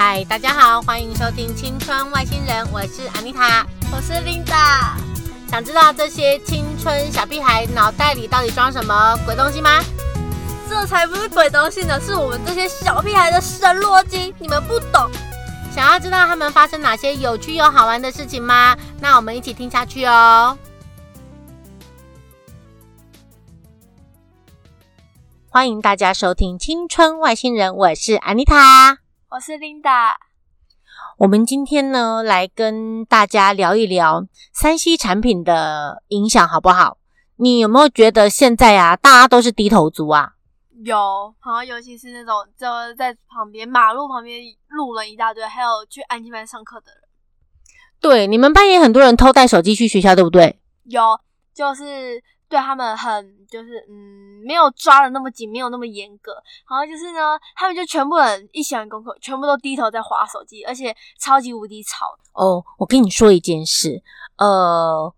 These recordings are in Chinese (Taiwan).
嗨，Hi，大家好，歡迎收聽《青春外星人》，我是安妮塔，我是琳達。想知道這些青春小屁孩腦袋裡到底裝什麼鬼東西嗎？這才不是鬼東西呢，是我們這些小屁孩的神邏輯，你們不懂。想要知道他們發生哪些有趣又好玩的事情嗎？那我們一起聽下去哦。歡迎大家收聽《青春外星人》，我是安妮塔。我是琳達，我們今天呢來跟大家聊一聊 3C 產品的影響，好不好？你有沒有覺得現在啊，大家都是低頭族啊？有，然後尤其是那種就在旁邊馬路旁邊路人一大堆，還有去安親班上課的人。對，你們班也很多人偷帶手機去學校，對不對？有，就是。對他們很就是嗯，沒有抓得那麼緊，沒有那麼嚴格。然後就是呢，他們就全部人一寫完功課，全部都低頭在滑手機，而且超級無敵吵。哦，我跟你說一件事，呃，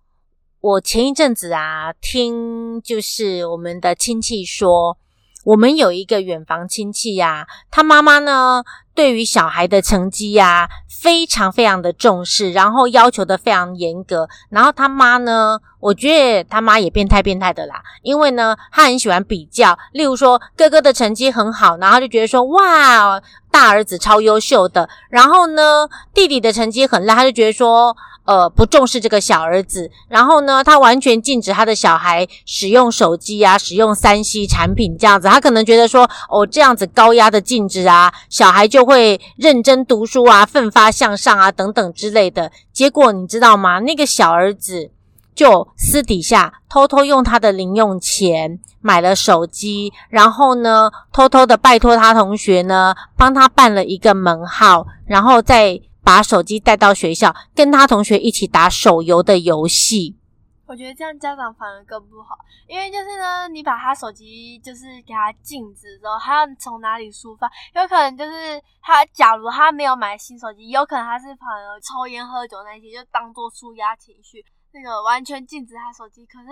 我前一陣子啊，聽就是我們的親戚說。我們有一個遠房親戚呀，他媽媽呢，對於小孩的成績呀，非常非常的重視，然後要求的非常嚴格。然後他媽呢，我覺得他媽也變態變態的啦，因為呢，他很喜歡比較。例如說，哥哥的成績很好，然後就覺得說，哇。大兒子超優秀的，然後呢，弟弟的成績很爛，他就覺得說，呃，不重視這個小兒子。然後呢，他完全禁止他的小孩使用手機啊，使用 3C 產品這樣子。他可能覺得說，哦，這樣子高壓的禁止啊，小孩就會認真讀書啊，奮發向上啊等等之類的，結果你知道嗎？那個小兒子。就私底下偷偷用他的零用錢買了手機，然後呢，偷偷的拜託他同學呢，幫他辦了一個門號，然後再把手機帶到學校，跟他同學一起打手遊的遊戲。我覺得這樣家長反而更不好，因為就是呢，你把他手機就是給他禁止之後，他要從哪裡抒發？有可能就是他，假如他沒有買新手機，有可能他是朋友抽菸喝酒那些，就當作紓壓情緒。那個完全禁止他手機，可是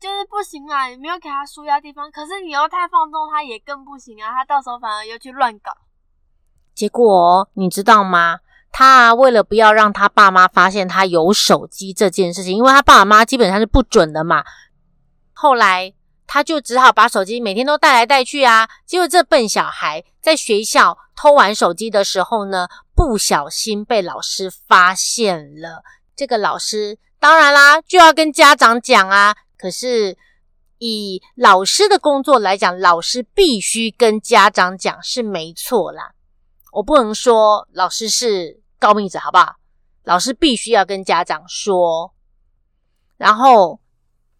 就是不行啊，你沒有給他紓壓地方。可是你又太放縱他，也更不行啊，他到時候反而又去亂搞。結果你知道嗎？他為了不要讓他爸媽發現他有手機這件事情，因為他爸媽基本上是不准的嘛。後來他就只好把手機每天都帶來帶去啊。結果這笨小孩在學校偷玩手機的時候呢，不小心被老師發現了。這個老師。當然啦，就要跟家長講啊。可是以老師的工作來講，老師必須跟家長講是沒錯啦。我不能說老師是告密者，好不好？老師必須要跟家長說。然後，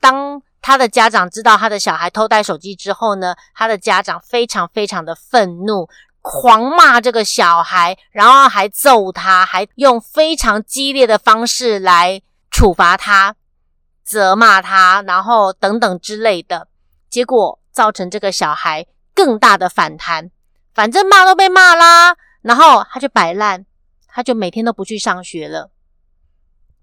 當他的家長知道他的小孩偷帶手機之後呢，他的家長非常非常的憤怒，狂罵這個小孩，然後還揍他，還用非常激烈的方式來。處罰他，責罵他，然後等等之類的，結果造成這個小孩更大的反彈。反正罵都被罵啦，然後他就擺爛，他就每天都不去上學了，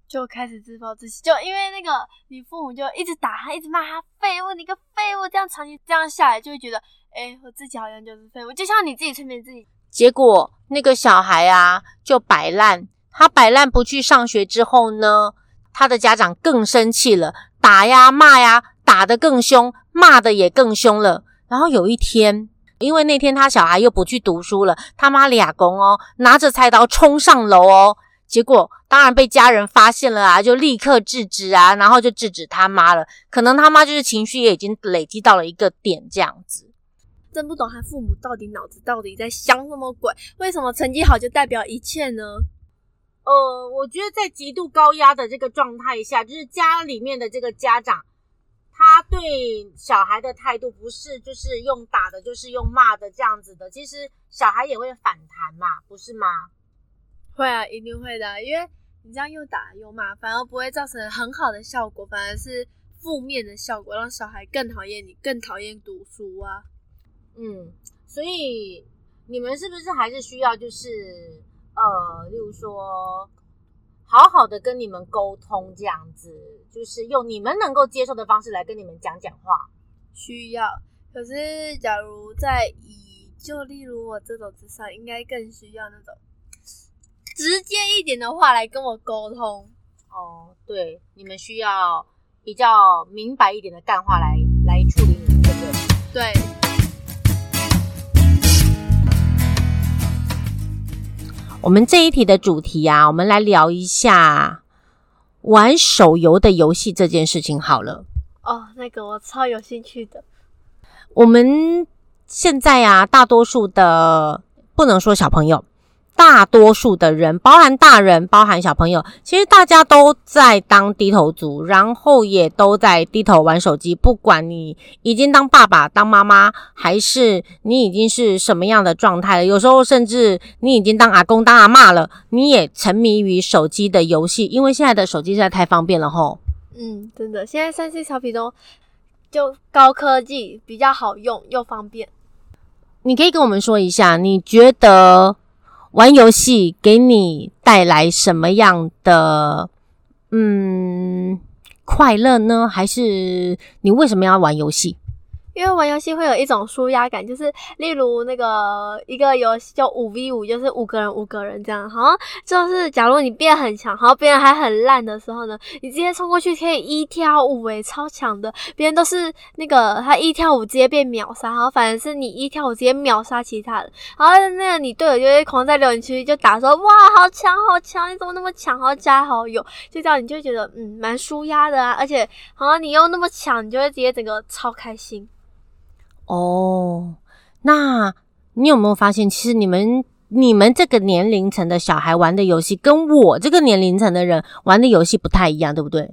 就開始自暴自棄。就因為那個，你父母就一直打他，一直罵他廢物，你個廢物。這樣長期這樣下來，就會覺得，哎，我自己好像就是廢物。就像你自己催眠自己。結果那個小孩啊，就擺爛。他擺爛不去上學之後呢？他的家長更生氣了，打呀罵呀，打得更兇，罵得也更兇了。然後有一天，因為那天他小孩又不去讀書了，他媽倆工哦，拿着菜刀衝上樓哦，結果當然被家人發現了啊，就立刻制止啊，然後就制止他媽了。可能他媽就是情緒也已經累積到了一個點，這樣子。真不懂他父母到底腦子到底在想什麼鬼？為什麼成績好就代表一切呢？呃，我覺得在極度高壓的這個狀態下，就是家裡面的這個家長，他對小孩的態度不是就是用打的，就是用罵的這樣子的。其實小孩也會反彈嘛，不是嗎？會啊，一定會的。因為你這樣又打又罵，反而不會造成很好的效果，反而是負面的效果，讓小孩更討厭你，更討厭讀書啊。嗯，所以你們是不是還是需要就是？呃，例如說，好好的跟你們溝通，這樣子就是用你們能夠接受的方式來跟你們講講話，需要。可是，假如在以就例如我這種智商，應該更需要那種直接一點的話來跟我溝通。哦，對，你們需要比較明白一點的幹話來來處理你們這個。對，對。對。我們這一題的主題啊，我們來聊一下玩手遊的遊戲這件事情好了。哦，那個我超有興趣的。我們現在啊，大多數的，不能說小朋友。大多數的人，包含大人，包含小朋友，其實大家都在當低頭族，然後也都在低頭玩手機。不管你已經當爸爸、當媽媽，還是你已經是什麼樣的狀態了，有時候甚至你已經當阿公、當阿嬤了，你也沉迷於手機的遊戲，因為現在的手機實在太方便了，吼。嗯，真的，現在三 C 產品就高科技比較好用又方便。你可以跟我們說一下，你覺得？玩遊戲給你帶來什麼樣的，嗯，快樂呢？還是你為什麼要玩遊戲？因為玩遊戲會有一種紓壓感，就是例如那個一個遊戲叫五 v 五，就是五個人五個人這樣，好像就是假如你變很強，然後別人還很爛的時候呢，你直接衝過去可以一挑五，哎，超強的，別人都是那個他一挑五直接被秒殺，然後反正是你一挑五直接秒殺其他人，然後那個你隊友就會狂在留言區就打說哇好強好強，你怎麼那麼強，好加好友，就這樣你就覺得嗯蠻紓壓的啊，而且好像你又那麼強，你就會直接整個超開心。哦，oh, 那你有沒有發現，其實你們你們這個年齡層的小孩玩的遊戲，跟我這個年齡層的人玩的遊戲不太一樣，對不對？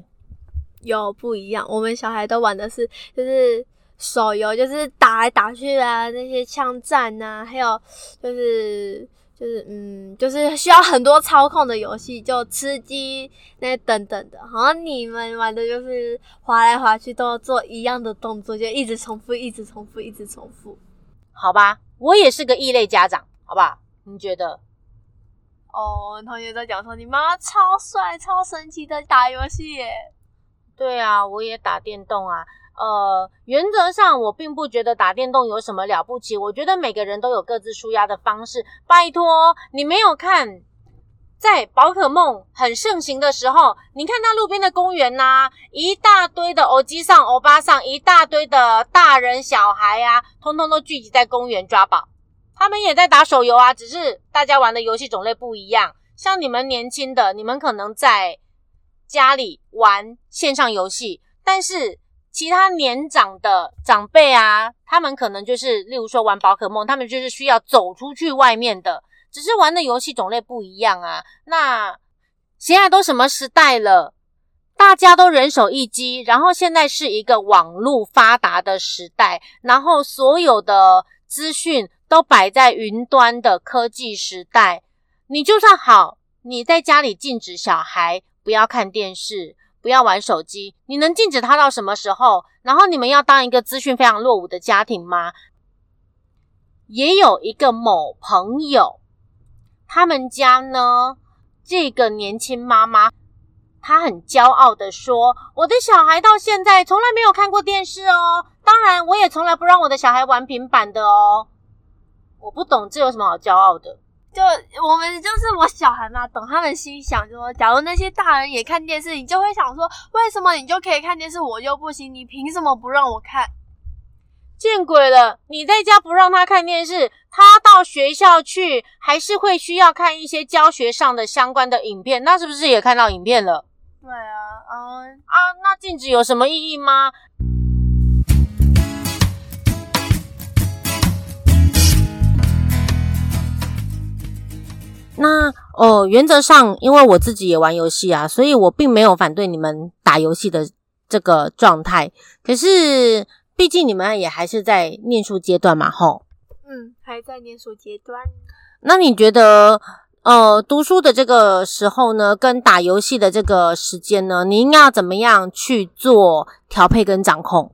有不一樣，我們小孩都玩的是就是手遊，就是打來打去啊，那些槍戰啊，還有就是。就是嗯，就是需要很多操控的遊戲，就吃雞那等等的，好像你們玩的就是滑來滑去，都做一樣的動作，就一直重複，一直重複，一直重複。好吧，我也是個異類家長，好吧？你覺得？哦，同學在講說你媽超帥、超神奇的打遊戲耶。對啊，我也打電動啊。呃，原則上我並不覺得打電動有什麼了不起。我覺得每個人都有各自紓壓的方式。拜托，你沒有看，在寶可夢很盛行的時候，你看那路邊的公園吶、啊，一大堆的歐吉桑歐巴桑，一大堆的大人小孩啊，通通都聚集在公園抓寶。他們也在打手遊啊，只是大家玩的遊戲種類不一樣。像你們年輕的，你們可能在家裡玩線上遊戲，但是。其他年長的長輩啊，他們可能就是，例如說玩寶可夢，他們就是需要走出去外面的，只是玩的遊戲種類不一樣啊。那現在都什麼時代了，大家都人手一機，然後現在是一個網絡發達的時代，然後所有的資訊都擺在雲端的科技時代，你就算好，你在家裡禁止小孩不要看電視。不要玩手機，你能禁止他到什麼時候？然後你們要當一個資訊非常落伍的家庭嗎？也有一個某朋友，他們家呢，這個年輕媽媽，她很驕傲的說：“我的小孩到現在從來沒有看過電視哦，當然我也從來不讓我的小孩玩平板的哦。”我不懂，這有什麼好驕傲的？就我們就是我小孩嘛、啊，等他們心想，就說：假如那些大人也看電視，你就會想說，為什麼你就可以看電視，我就不行？你憑什麼不讓我看？見鬼了！你在家不讓他看電視，他到學校去還是會需要看一些教學上的相關的影片，那是不是也看到影片了？對啊，啊、嗯、啊，那禁止有什麼意義嗎？那哦、呃，原則上，因為我自己也玩遊戲啊，所以我並沒有反對你們打遊戲的這個狀態。可是，畢竟你們也還是在念書階段嘛，吼。嗯，還在念書階段。那你覺得，呃，讀書的這個時候呢，跟打遊戲的這個時間呢，你應該要怎麼樣去做調配跟掌控？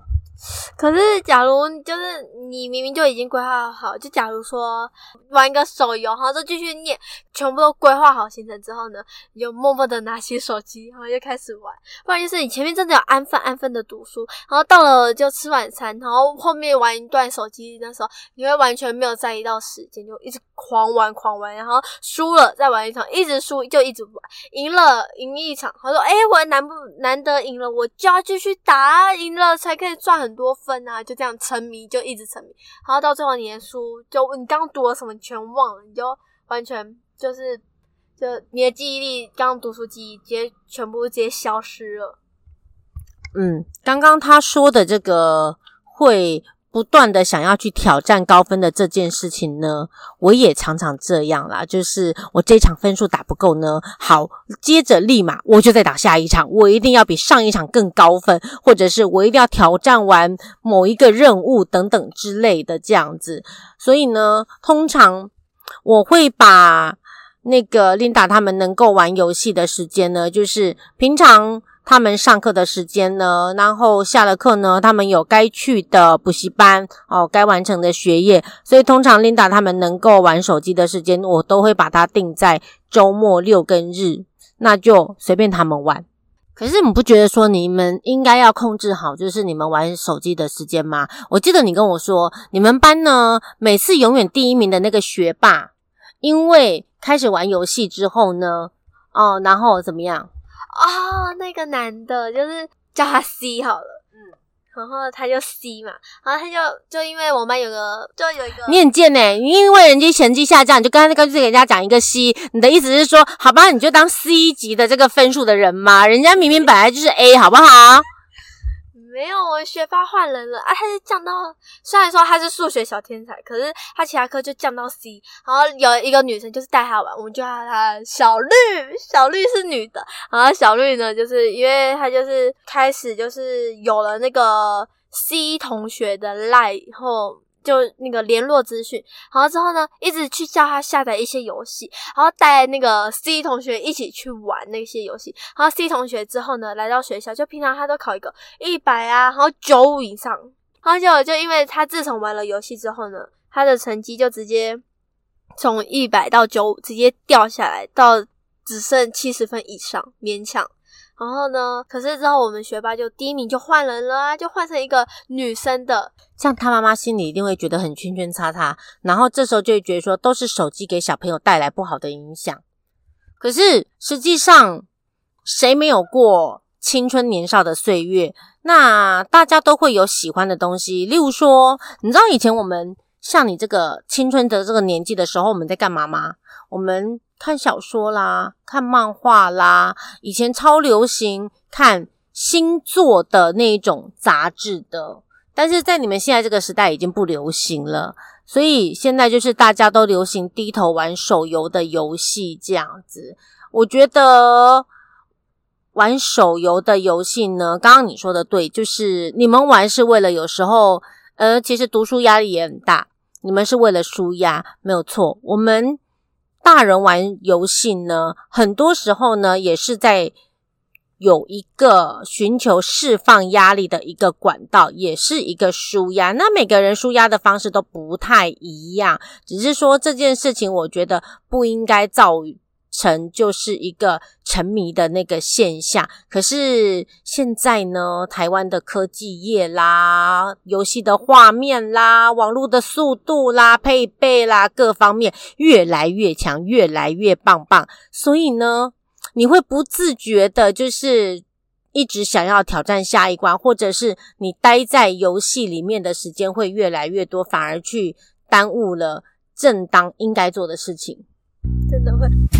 可是，假如就是你明明就已經規劃好，就假如說玩一個手遊然後就繼續念，全部都規劃好行程之後呢，你就默默的拿起手機，然後就開始玩。不然就是你前面真的有安分安分的讀書，然後到了就吃晚餐，然後後面玩一段手機，那時候你會完全沒有在意到時間，就一直狂玩狂玩，然後輸了再玩一場，一直輸就一直玩，贏了，贏了，贏一場，他說：“欸，我難不難得贏了，我就要繼續打，贏了才可以賺很。”很多分啊，就這樣沉迷，就一直沉迷，然後到最後你的書就你剛剛讀了什麼，全忘了，你就完全就是，就你的記憶力，剛剛讀書記憶直接全部直接消失了。嗯，剛剛他說的這個會。不斷的想要去挑戰高分的這件事情呢，我也常常這樣啦。就是我這一場分數打不夠呢，好，接着立馬我就再打下一場，我一定要比上一場更高分，或者是我一定要挑戰完某一個任務等等之類的這樣子。所以呢，通常我會把那個琳達他們能夠玩遊戲的時間呢，就是平常。他們上課的時間呢，然後下了課呢，他們有該去的補習班哦，該完成的學業。所以通常 Linda 他們能夠玩手機的時間，我都會把它定在周末六跟日，那就隨便他們玩。可是你不覺得說你們應該要控制好，就是你們玩手機的時間嗎？我記得你跟我說，你們班呢，每次永遠第一名的那個學霸，因為開始玩遊戲之後呢，哦，然後怎麼樣？哦，oh, 那個男的，就是叫他 C 好了，嗯，然後他就 C 嘛，然後他就就因為我們班有個，就有一個，你很賤呢、欸，因為人家成績下降，你就剛剛就給人家講一個 C，你的意思是說，好吧，你就當 C 級的這個分數的人嘛，人家明明本來就是 A，好不好？ 沒有，我學霸換人了啊！他就降到，雖然說他是數學小天才，可是他其他科就降到 C。然後有一個女生就是帶他玩，我們就叫她小綠。小綠是女的，然後小綠呢，就是因為他就是開始就是有了那個 C 同學的賴，然後。就那個聯絡資訊，然後之後呢，一直去叫他下載一些遊戲，然後帶那個 C 同學一起去玩那些遊戲。然後 C 同學之後呢，來到學校就平常他都考一個一百啊，然後九五以上。然後結果就因為他自從玩了遊戲之後呢，他的成績就直接從一百到九五直接掉下來，到只剩七十分以上，勉強。然後呢，可是之後我們學霸就第一名就換人了啊，就換成一個女生的。像他媽媽心裡一定會覺得很圈圈叉叉，然後這時候就會覺得說都是手機給小朋友帶來不好的影響。可是，實際上，誰沒有過青春年少的歲月？那大家都會有喜歡的東西，例如說，你知道以前我們像你這個青春的這個年紀的時候，我們在幹嘛嗎？我們。看小說啦，看漫畫啦，以前超流行看星座的那種雜誌的，但是在你們現在這個時代已經不流行了，所以現在就是大家都流行低頭玩手遊的遊戲這樣子。我覺得玩手遊的遊戲呢，剛剛你說的對，就是你們玩是為了有時候，呃，其實讀書壓力也很大，你們是為了舒壓，沒有錯，我們。大人玩遊戲呢，很多時候呢，也是在有一個尋求釋放壓力的一個管道，也是一個舒壓。那每個人舒壓的方式都不太一樣，只是說這件事情，我覺得不應該造謠。成就是一個沉迷的那個現象。可是現在呢，台灣的科技業啦、遊戲的畫面啦、網絡的速度啦、配備啦，各方面越來越強，越來越棒棒。所以呢，你會不自覺的，就是一直想要挑戰下一關，或者是你待在遊戲裡面的時間會越來越多，反而去耽誤了正當應該做的事情，真的會。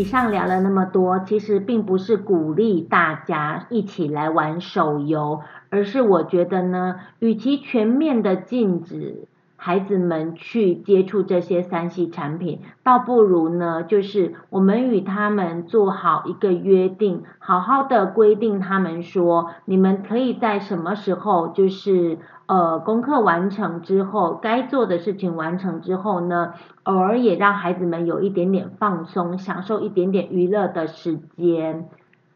以上聊了那麼多，其實並不是鼓勵大家一起來玩手遊，而是我覺得呢，與其全面的禁止孩子們去接觸這些三 C 產品，倒不如呢，就是我們與他們做好一個約定，好好的規定他們說，你們可以在什麼時候就是。呃，功課完成之後，該做的事情完成之後呢，偶爾也讓孩子們有一點點放鬆，享受一點點娛樂的時間。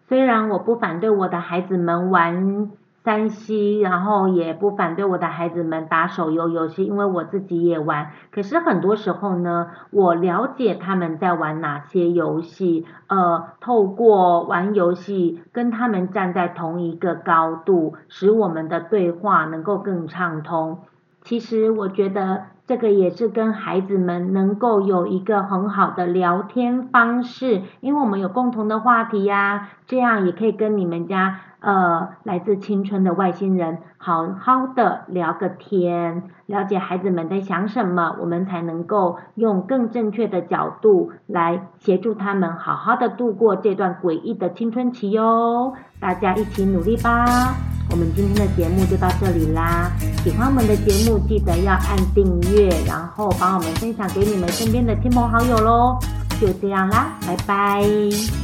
雖然我不反對我的孩子們玩。擔心，然後也不反對我的孩子們打手遊遊戲，因為我自己也玩。可是很多時候呢，我了解他們在玩哪些遊戲，呃，透過玩遊戲跟他們站在同一個高度，使我們的對話能夠更暢通。其實我覺得。這個也是跟孩子們能夠有一個很好的聊天方式，因為我們有共同的話題呀，這樣也可以跟你們家呃來自青春的外星人好好的聊個天，了解孩子們在想什麼，我們才能夠用更正確的角度來協助他們好好的度過這段詭異的青春期喲，大家一起努力吧。我們今天的節目就到這裡啦！喜歡我們的節目，記得要按訂閱，然後幫我們分享給你們身邊的親朋好友嘍！就這樣啦，拜拜。